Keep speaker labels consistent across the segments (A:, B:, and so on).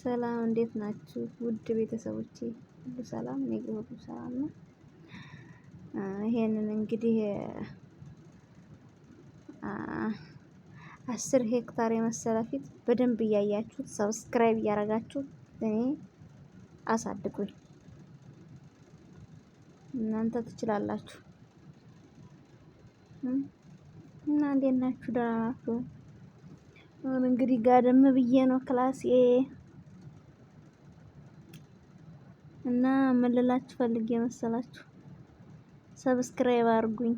A: ሰላም እንዴት ናችሁ? ውድ ቤተሰቦቼ ሁሉ ሰላም፣ እኔ ጋር ሁሉ ሰላም ነው። ይሄንን እንግዲህ አስር ሄክታር የመሰለ ፊት በደንብ እያያችሁ ሰብስክራይብ እያደረጋችሁ እኔ አሳድጉኝ። እናንተ ትችላላችሁ እና እንዴት ናችሁ? ደህና ናችሁ? እንግዲህ ጋደም ብዬ ነው ክላስ እና ምን ፈልግ ፈልጌ ሰብስክራይብ አድርጉኝ።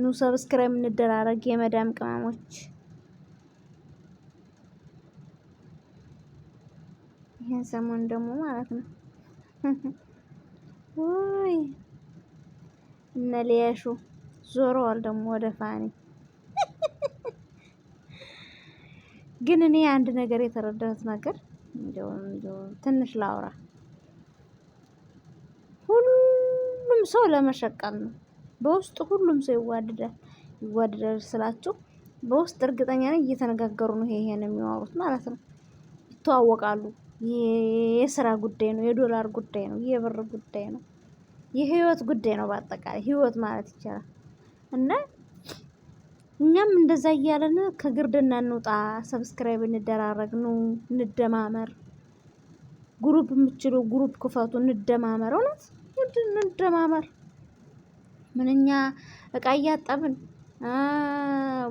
A: ኑ ሰብስክራይብ እንደራረግ የመዳም ቅመሞች። ይሄን ሰሞን ደግሞ ማለት ነው ወይ እነ ሊያሹ ዞረዋል ደግሞ ወደ ፋኒ። ግን እኔ አንድ ነገር የተረዳሁት ነገር ትንሽ ላውራ ሁሉም ሰው ለመሸቀል ነው። በውስጥ ሁሉም ሰው ይዋደዳል። ይዋደዳል ስላችሁ በውስጥ እርግጠኛ ነኝ እየተነጋገሩ ነው ይሄ ይሄን የሚያወሩት ማለት ነው። ይተዋወቃሉ። የስራ ጉዳይ ነው፣ የዶላር ጉዳይ ነው፣ የብር ጉዳይ ነው፣ የህይወት ጉዳይ ነው። በአጠቃላይ ህይወት ማለት ይቻላል እና እኛም እንደዛ እያለን ከግርድና እንውጣ፣ ሰብስክራይብ እንደራረግ፣ ኑ እንደማመር። ግሩፕ የምችሉ ግሩፕ ክፈቱ፣ እንደማመር እውነት ጉድ እንደማመር ምንኛ እቃ እያጠብን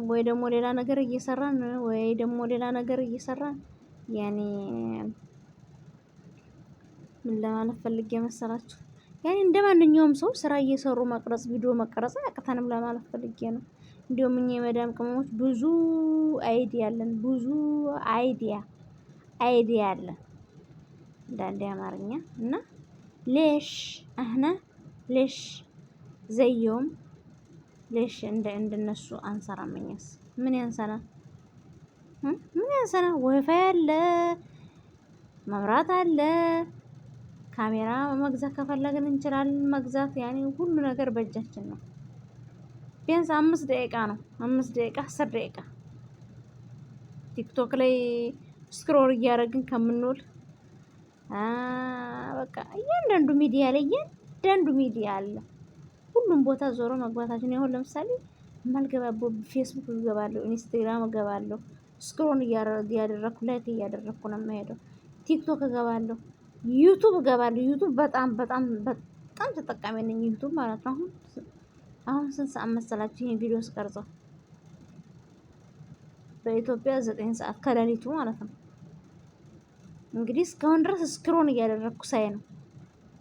A: ወይ ደግሞ ሌላ ነገር እየሰራን ወይ ደግሞ ሌላ ነገር እየሰራን ያኔ ምን ለማለት ፈልጌ መሰላችሁ? ያኔ እንደ ማንኛውም ሰው ስራ እየሰሩ መቅረጽ ቪዲዮ መቀረጽ አያቅተንም ለማለት ፈልጌ ነው። እንዲሁም እኛ የመዳም ቅመሞች ብዙ አይዲያ አለን፣ ብዙ አይዲያ አይዲያ አለን። እንዳንዴ አማርኛ እና ليش احنا ليش زيهم ليش እንደ እንደነሱ አንሰራም እኛስ ምን ያንሰናል ምን ያንሰናል ዋይፋይ አለ መብራት አለ ካሜራ መግዛት ከፈለግን እንችላለን መግዛት ያኔ ሁሉ ነገር በእጃችን ነው ቢያንስ አምስት ደቂቃ ነው አምስት ደቂቃ አስር ደቂቃ ቲክቶክ ላይ ስክሮል እያደረግን ከምንውል በቃ እያንዳንዱ ሚዲያ ላይ እያንዳንዱ ሚዲያ አለ። ሁሉም ቦታ ዞሮ መግባታችን አሁን ለምሳሌ ማልገባቦ ፌስቡክ እገባለሁ፣ ኢንስታግራም እገባለሁ። ስክሮን እያደረግኩ ላይክ እያደረግኩ ነው የምሄደው። ቲክቶክ እገባለሁ፣ ዩቱብ እገባለሁ። ዩቱብ በጣም በጣም በጣም ተጠቃሚ ነኝ። ዩቱብ ማለት ነው። አሁን አሁን ስንት ሰዓት መሰላችሁ ይህን ቪዲዮ ስቀርጸው? በኢትዮጵያ ዘጠኝ ሰዓት ከሌሊቱ ማለት ነው። እንግዲህ እስካሁን ድረስ ስክሮን እያደረግኩ ሳይ ነው።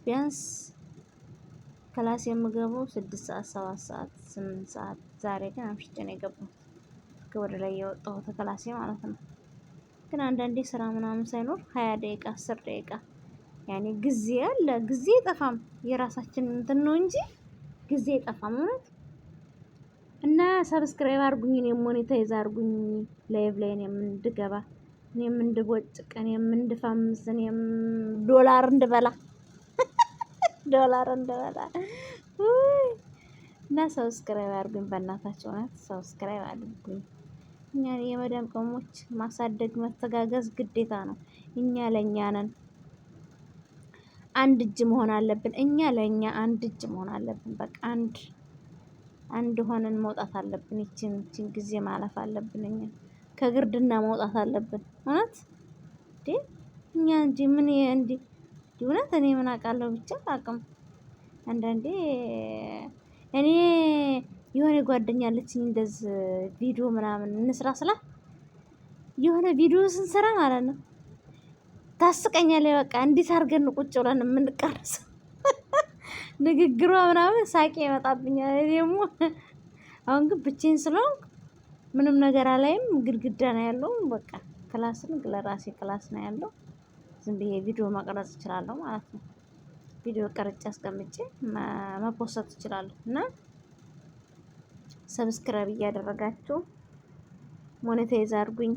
A: ቢያንስ ክላስ የምገባው ስድስት ሰዓት ሰባት ሰዓት ስምንት ሰዓት ዛሬ ግን አምሽቼ ነው የገባሁት። ወደ ላይ የወጣሁ ተከላሴ ማለት ነው። ግን አንዳንዴ ስራ ምናምን ሳይኖር ሀያ ደቂቃ አስር ደቂቃ ያኔ ጊዜ አለ። ጊዜ አይጠፋም። የራሳችን እንትን ነው እንጂ ጊዜ አይጠፋም ማለት እና ሰብስክራይብ አርጉኝ፣ እኔም ሞኔታይዝ አርጉኝ። ላይቭ ላይ እኔም እንድገባ እኔም እንድቦጭቅ እኔም እንድፈምስ እኔም ዶላር እንድበላ ዶላር እንድበላ እና ሰብስክራይብ አድርጉኝ። በእናታቸው እውነት ሰብስክራይብ አድርጉኝ። እኛ የመዳም ቅመሞች ማሳደግ መተጋገዝ ግዴታ ነው። እኛ ለእኛ ነን፣ አንድ እጅ መሆን አለብን። እኛ ለእኛ አንድ እጅ መሆን አለብን። በቃ አንድ አንድ ሆነን መውጣት አለብን። ይችን ይችን ጊዜ ማለፍ አለብን እኛ ከግርድና ማውጣት አለብን። እውነት እንዴ እኛ እንጂ ምን እንዲ እውነት እኔ ምን አውቃለሁ ብቻ አቅም አንዳንዴ እኔ የሆነ ጓደኛ አለችኝ እንደዚህ ቪዲዮ ምናምን እንስራ ስላ የሆነ ቪዲዮ ስንሰራ ማለት ነው ታስቀኛለች። በቃ እንዴት አድርገን ቁጭ ብለን የምንቀርስ ንግግሯ ምናምን ሳቄ ይመጣብኛል። እኔ ደግሞ አሁን ግን ብቼን ስለሆንኩ ምንም ነገር አላይም። ግድግዳ ነው ያለው። በቃ ክላስን ለራሴ ክላስ ነው ያለው። ዝም ብዬ ቪዲዮ መቅረጽ እችላለሁ ማለት ነው። ቪዲዮ ቀርጬ አስቀምጬ መፖሰት እችላለሁ እና ሰብስክራይብ እያደረጋችሁ ሞኔታይዝ አድርጉኝ።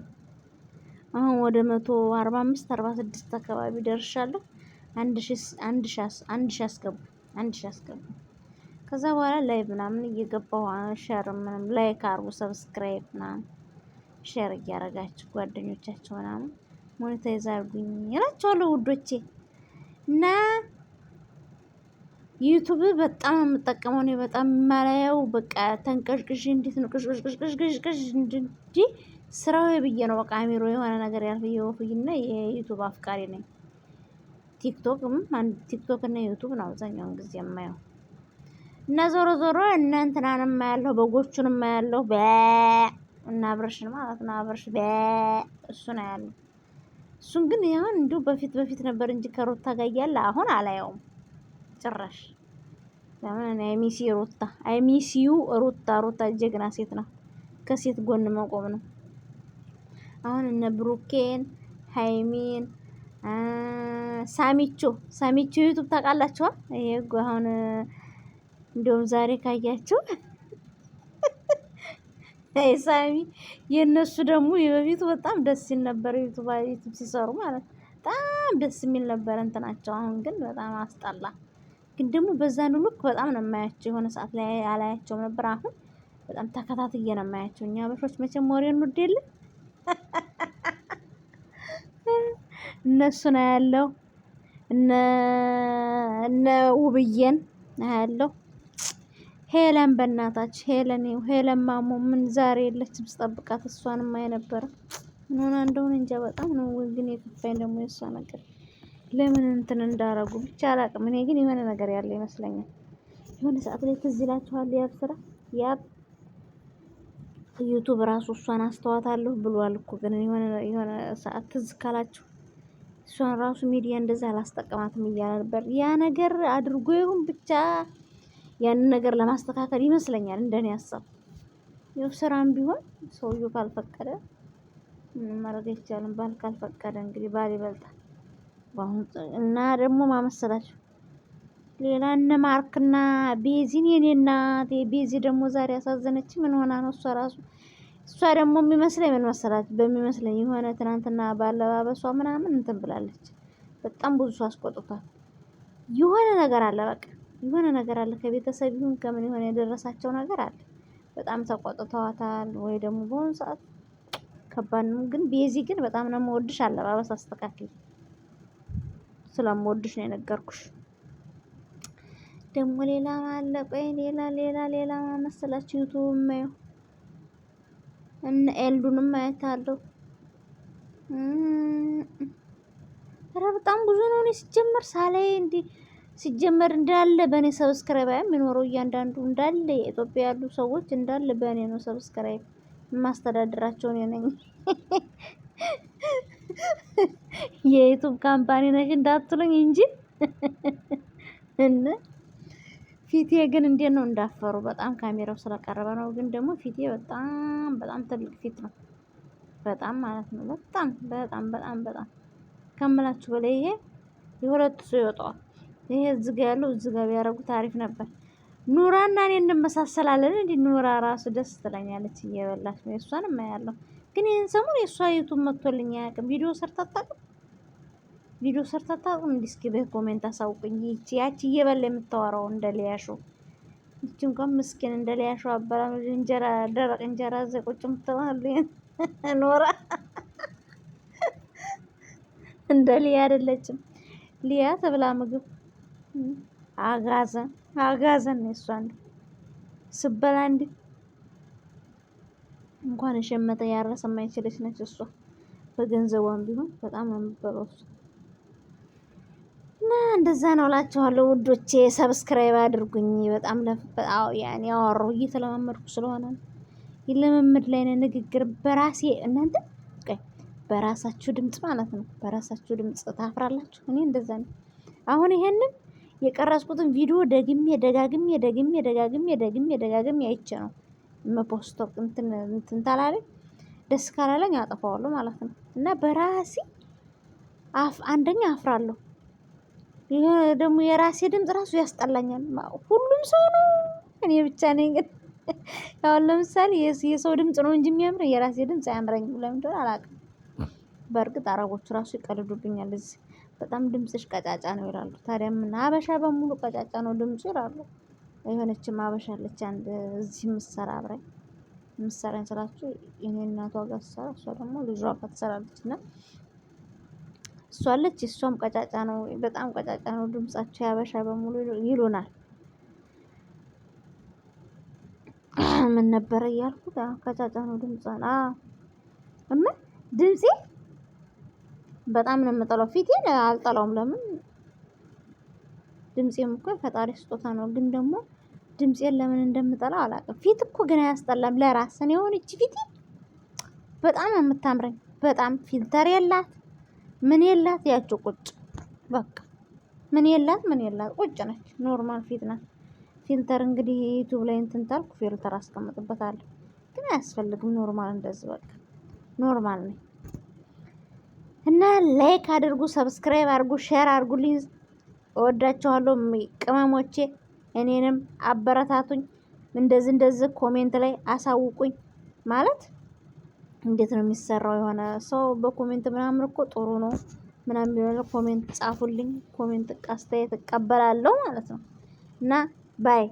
A: አሁን ወደ መቶ አርባ አምስት አርባ ስድስት አካባቢ ደርሻለሁ። አንድ ሺ አንድ አስገቡ አንድ ሺ አስገቡ ከዛ በኋላ ላይ ምናምን እየገባው ሸር ምንም ላይክ አርጉ፣ ሰብስክራይብ ምናምን ሸር እያደረጋችሁ ጓደኞቻችሁ ምናምን ሞኔታይዝ አርጉኝ እላችኋለሁ ውዶቼ እና ዩቱብ በጣም የምጠቀመው እኔ በጣም የማላየው በቃ ተንቀሽቅሽ እንዴት ነው ቅሽቅሽቅሽቅሽቅሽ እንጂ ስራው ብዬ ነው በቃ አሚሮ የሆነ ነገር ያልፍ የወፍይና የዩቱብ አፍቃሪ ነኝ። ቲክቶክም ቲክቶክ እና ዩቱብ ነው አብዛኛውን ጊዜ የማየው። እና ዞሮ ዞሮ እነ እንትናን ማያለሁ በጎቹን ማያለሁ በ እና አብረሽን ማለት ነው አብረሽ በ እሱን አያለሁ። እሱን ግን ያሁን እንዲሁ በፊት በፊት ነበር እንጂ ከሩታ ጋር እያለ አሁን አላየውም ጭራሽ። ለምን አይሚሲ ሩታ አይሚሲዩ ሩታ ሩታ ጀግና ሴት ነው። ከሴት ጎን መቆም ነው። አሁን እነ ብሩኬን ሃይሚን ሳሚቾ ሳሚቾ ዩቱብ ታውቃላችኋል? ይሄ አሁን እንደውም ዛሬ ካያቸው ሳሚ የእነሱ ደግሞ የበፊቱ በጣም ደስ ሲል ነበር። ዩቱብ ሲሰሩ ማለት በጣም ደስ የሚል ነበር እንትናቸው። አሁን ግን በጣም አስጠላ። ግን ደግሞ በዛ ልክ በጣም ነው የማያቸው። የሆነ ሰዓት ላይ አላያቸውም ነበር። አሁን በጣም ተከታትዬ ነው የማያቸው። እኛ በሾች መቼም ወሬ እነሱ ነው ያለው እነ ውብዬን ያለው ሄለን በእናታች ሄለን ው ሄለን ማሞ ምን ዛሬ የለችም ስጠብቃት እሷንም አይነበረ ምን ሆና እንደሆነ እንጃ። በጣም ነው ግን የከፋኝ ደግሞ የእሷ ነገር ለምን እንትን እንዳረጉ ብቻ አላቅም። እኔ ግን የሆነ ነገር ያለ ይመስለኛል። የሆነ ሰዓት ላይ ትዝ ይላችኋል ያብ ስራ ያብ ዩቱብ ራሱ እሷን አስተዋታለሁ ብሏል እኮ ግን የሆነ ሰዓት ትዝ ካላችሁ እሷን ራሱ ሚዲያ እንደዛ አላስጠቀማትም እያለ ነበር። ያ ነገር አድርጎ ይሁን ብቻ ያንን ነገር ለማስተካከል ይመስለኛል እንደኔ ሀሳብ። ያው ስራም ቢሆን ሰውየው ካልፈቀደ ምንም ማድረግ አይቻልም። ባል ካልፈቀደ እንግዲህ ባል ይበልጣል። በአሁኑ እና ደግሞ ማመሰላችሁ ሌላ እነ ማርክና ቤዚን የኔ እናት ቤዚ ደግሞ ዛሬ ያሳዘነች ምን ሆና ነው? እሷ ራሱ እሷ ደግሞ የሚመስለኝ ምን መሰላችሁ በሚመስለኝ የሆነ ትናንትና ባለባበሷ ምናምን እንትን ብላለች። በጣም ብዙ ሰው አስቆጥቷል። የሆነ ነገር አለ በቃ የሆነ ነገር አለ። ከቤተሰብ ይሁን ከምን የሆነ የደረሳቸው ነገር አለ። በጣም ተቆጥተዋታል ወይ ደግሞ በሆኑ ሰዓት ከባድ ነው። ግን ቤዚ ግን በጣም ነው የምወድሽ። አለባበስ አስተካክል፣ ስለምወድሽ ነው የነገርኩሽ። ደግሞ ሌላ አለ። ቆይ ሌላ ሌላ ሌላ መሰላችሁ ዩቱብ የማየው እነ ኤልዱንም አያታለሁ። ኧረ በጣም ብዙ ነው። እኔ ሲጀመር ሳላይ እንዲህ ሲጀመር እንዳለ በእኔ ሰብስክራይብ የሚኖረው እያንዳንዱ እንዳለ የኢትዮጵያ ያሉ ሰዎች እንዳለ በእኔ ነው ሰብስክራይብ የማስተዳድራቸውን የነኝ የዩቱብ ካምፓኒ ነሽ እንዳትሉኝ እንጂ ፊቴ ግን እንዴት ነው እንዳፈሩ በጣም ካሜራው ስለቀረበ ነው። ግን ደግሞ ፊቴ በጣም በጣም ትልቅ ፊት ነው። በጣም ማለት ነው በጣም በጣም በጣም በጣም ከምላችሁ በላይ ይሄ የሁለቱ ሰው ይወጣዋል። ይሄ እዚህ ጋር ያለው እዚህ ጋር ቢያደርጉት አሪፍ ነበር። ኑራና እኔ እንመሳሰላለን። እንዲ ኑራ ራሱ ደስ ትለኛለች እየበላች ነው። የእሷንም አያለሁ ግን ይህን ሰሞን የእሷ ዩቱብ መጥቶልኝ አያውቅም። ቪዲዮ ሰርታ አታውቅም። ቪዲዮ ሰርታ አታውቅም። እንዲ እስኪ በኮሜንት አሳውቅኝ። ይቺ ያቺ እየበላ የምታወራው እንደ ሊያሾ ይቺ እንኳን ምስኪን እንደ ሊያሾ አበላሉ እንጀራ ደረቅ እንጀራ ዘቆጭ ቁጭ ምትባሉ ኖራ እንደ ሊያ አይደለችም። ሊያ ተብላ ምግብ አጋዘን አጋዘን ነው የእሷ እንደው ስበላ እንዴ እንኳን የሸመተ ያረሰ ማይችለች ነች እሷ። በገንዘቧም ቢሆን በጣም ነው የምትበላው እሷ። እና እንደዛ ነው እላችኋለሁ ውዶቼ፣ ሰብስክራይብ አድርጉኝ። በጣም ለፍጣው ያኔ አወራሁ እየተለማመድኩ ስለሆነ ይለማመድ ላይ ነው ንግግር በራሴ እናንተ በራሳችሁ ድምፅ ማለት ነው። በራሳችሁ ድምፅ ታፍራላችሁ። እኔ እንደዛ ነው አሁን ይሄንን የቀረጽኩትን ቪዲዮ ደግሜ ደጋግሜ ደግሜ ደጋግሜ ደግሜ ደጋግሜ አይቼ ነው መፖስቶ እንትን ደስ ካላለኝ አጠፋዋለሁ ማለት ነው። እና በራሴ አንደኛ አፍራለሁ። ይሄ ደግሞ የራሴ ድምፅ ራሱ ያስጠላኛል። ሁሉም ሰው ነው፣ እኔ ብቻ ነኝ። ግን ያው ለምሳሌ የሰው ድምፅ ነው እንጂ የሚያምረኝ የራሴ ድምፅ አያምረኝም። ለምን እንደሆነ አላውቅም። በእርግጥ አረቦቹ ራሱ ይቀልዱብኛል እዚህ በጣም ድምፅሽ ቀጫጫ ነው ይላሉ። ታዲያ ምን አበሻ በሙሉ ቀጫጫ ነው ድምፁ ይላሉ። የሆነችም አበሻ አለች አንድ እዚህ ምሰራ አብራኝ ምሰራኝ ስላችሁ እኔ እናቷ ጋር ስሰራ እሷ ደግሞ ልጇ ጋር ትሰራለች እና እሷ አለች እሷም ቀጫጫ ነው፣ በጣም ቀጫጫ ነው ድምጻቸው ያበሻ በሙሉ ይሉናል። ምን ነበረ እያልኩት ቀጫጫ ነው ድምፅ እና ድምፄ በጣም ነው የምጠላው። ፊቴን አልጠላውም። ለምን ድምፄም እኮ የፈጣሪ ስጦታ ነው። ግን ደግሞ ድምፄን ለምን እንደምጠላው አላውቅም። ፊት እኮ ግን አያስጠላም። ለራስን የሆነች ፊቴ በጣም የምታምረኝ በጣም ፊልተር የላት ምን የላት ያቸው ቁጭ በቃ ምን የላት ምን የላት ቁጭ ነች። ኖርማል ፊት ናት። ፊልተር እንግዲህ ዩቱብ ላይ እንትን ታልኩ ፊልተር አስቀምጥበታለሁ፣ ግን አያስፈልግም። ኖርማል እንደዚህ በቃ ኖርማል ነኝ። እና ላይክ አድርጉ፣ ሰብስክራይብ አድርጉ፣ ሼር አድርጉልኝ። እወዳችኋለሁ ቅመሞቼ። እኔንም አበረታቱኝ። እንደዚህ እንደዚህ ኮሜንት ላይ አሳውቁኝ። ማለት እንዴት ነው የሚሰራው? የሆነ ሰው በኮሜንት ምናምን እኮ ጥሩ ነው ምናምን ቢሆን ኮሜንት ጻፉልኝ። ኮሜንት አስተያየት እቀበላለሁ ማለት ነው እና ባይ